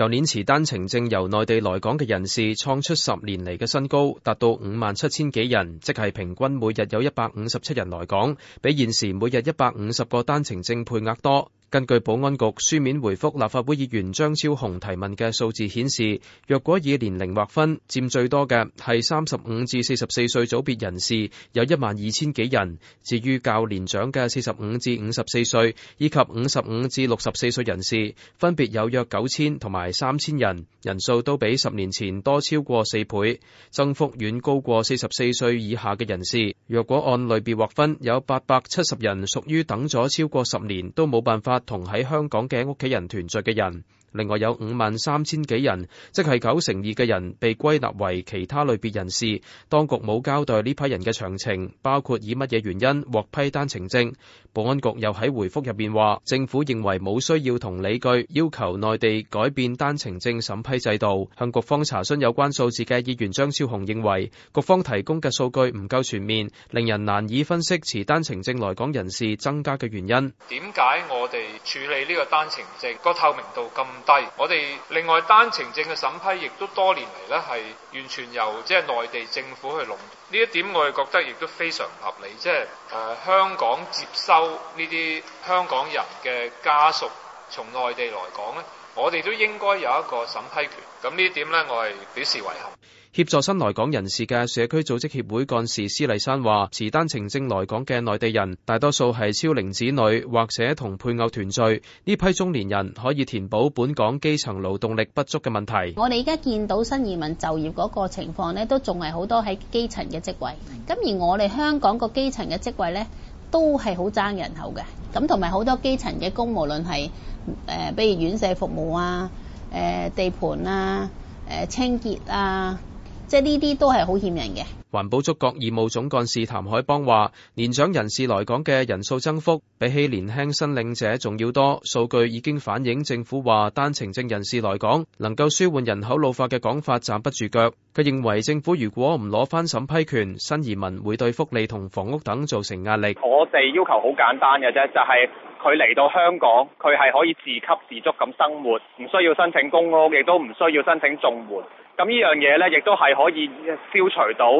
舊年持單程證由內地來港嘅人士創出十年嚟嘅新高，達到五萬七千幾人，即係平均每日有一百五十七人來港，比現時每日一百五十個單程證配額多。根據保安局書面回覆立法會議員張超雄提問嘅數字顯示，若果以年齡劃分，佔最多嘅係三十五至四十四歲組別人士，有一萬二千幾人。至於較年長嘅四十五至五十四歲以及五十五至六十四歲人士，分別有約九千同埋三千人，人數都比十年前多超過四倍，增幅遠高過四十四歲以下嘅人士。若果按類別劃分，有八百七十人屬於等咗超過十年都冇辦法。同喺香港嘅屋企人團聚嘅人。另外有五萬三千幾人，即係九成二嘅人被歸納為其他類別人士。當局冇交代呢批人嘅詳情，包括以乜嘢原因獲批單程證。保安局又喺回覆入面話，政府認為冇需要同理據要求內地改變單程證審批制度。向局方查詢有關數字嘅議員張超雄認為，局方提供嘅數據唔夠全面，令人難以分析持單程證來港人士增加嘅原因。點解我哋處理呢個單程證個透明度咁？低，我哋另外單程證嘅審批亦都多年嚟咧，係完全由即係、就是、內地政府去弄呢一點。我哋覺得亦都非常唔合理，即係誒香港接收呢啲香港人嘅家屬。從內地來講呢，我哋都應該有一個審批權。咁呢點呢，我係表示遺憾。協助新來港人士嘅社區組織協會幹事施麗珊話，持單程證來港嘅內地人大多數係超齡子女或者同配偶團聚，呢批中年人可以填補本港基層勞動力不足嘅問題。我哋而家見到新移民就業嗰個情況呢都仲係好多喺基層嘅職位。咁而我哋香港個基層嘅職位呢，都係好爭人口嘅，咁同埋好多基層嘅工，無論係誒，比如院舍服務啊、誒，地盤啊、誒，清潔啊。即呢啲都係好欠人嘅。環保觸覺義務總幹事譚海邦話：年長人士來港嘅人數增幅，比起年輕申領者仲要多。數據已經反映政府話單程證人士來港能夠舒緩人口老化嘅講法站不住腳。佢認為政府如果唔攞翻審批權，新移民會對福利同房屋等造成壓力。我哋要求好簡單嘅啫，就係佢嚟到香港，佢係可以自給自足咁生活，唔需要申請公屋，亦都唔需要申請綜援。咁呢樣嘢咧，亦都係可以消除到誒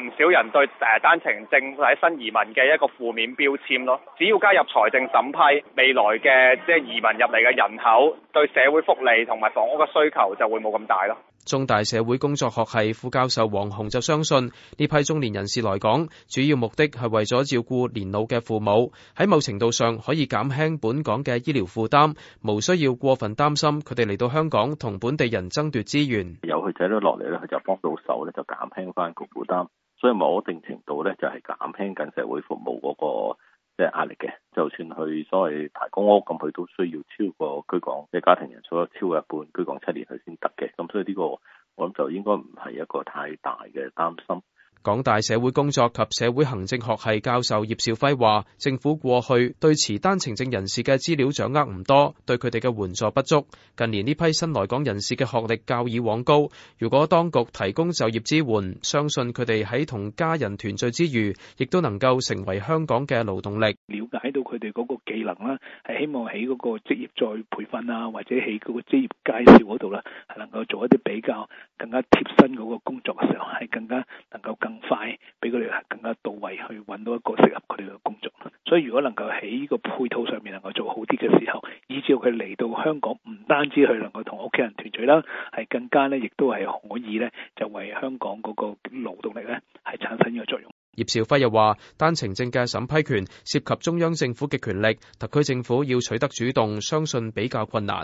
唔少人對誒單程證或者新移民嘅一個負面標籤咯。只要加入財政審批，未來嘅即係移民入嚟嘅人口對社會福利同埋房屋嘅需求就會冇咁大咯。中大社會工作學系副教授黃洪就相信，呢批中年人士來港，主要目的係為咗照顧年老嘅父母，喺某程度上可以減輕本港嘅醫療負擔，冇需要過分擔心，佢哋嚟到香港同本地人爭奪資源。佢哋都落嚟咧，佢就幫到手咧，就減輕返個負擔，所以某一定程度咧，就係減輕緊社會服務嗰個。 即係壓力嘅，就算去所謂排公屋咁，佢都需要超過居港嘅家庭人數超過一半居港七年佢先得嘅，咁所以呢個我諗就應該唔係一個太大嘅擔心。港大社會工作及社會行政學系教授葉兆輝話，政府過去對持單程證人士嘅資料掌握唔多，對佢哋嘅援助不足。近年呢批新來港人士嘅學歷較以往高，如果當局提供就業支援，相信佢哋喺同家人團聚之餘，亦都能夠成為香港嘅勞動力。了解到佢哋嗰個技能啦，係希望喺嗰個職業再培訓啊，或者喺個職業介紹嗰度啦，係能夠做一啲比較更加貼身嗰個工作上，係更加能夠。更快俾佢哋更加到位，去揾到一個適合佢哋嘅工作。所以如果能夠喺呢個配套上面能夠做好啲嘅時候，以至佢嚟到香港，唔單止去能夠同屋企人團聚啦，係更加咧，亦都係可以咧，就為香港嗰個勞動力咧係產生呢個作用。葉兆輝又話，單程證嘅審批權涉及中央政府嘅權力，特區政府要取得主動，相信比較困難。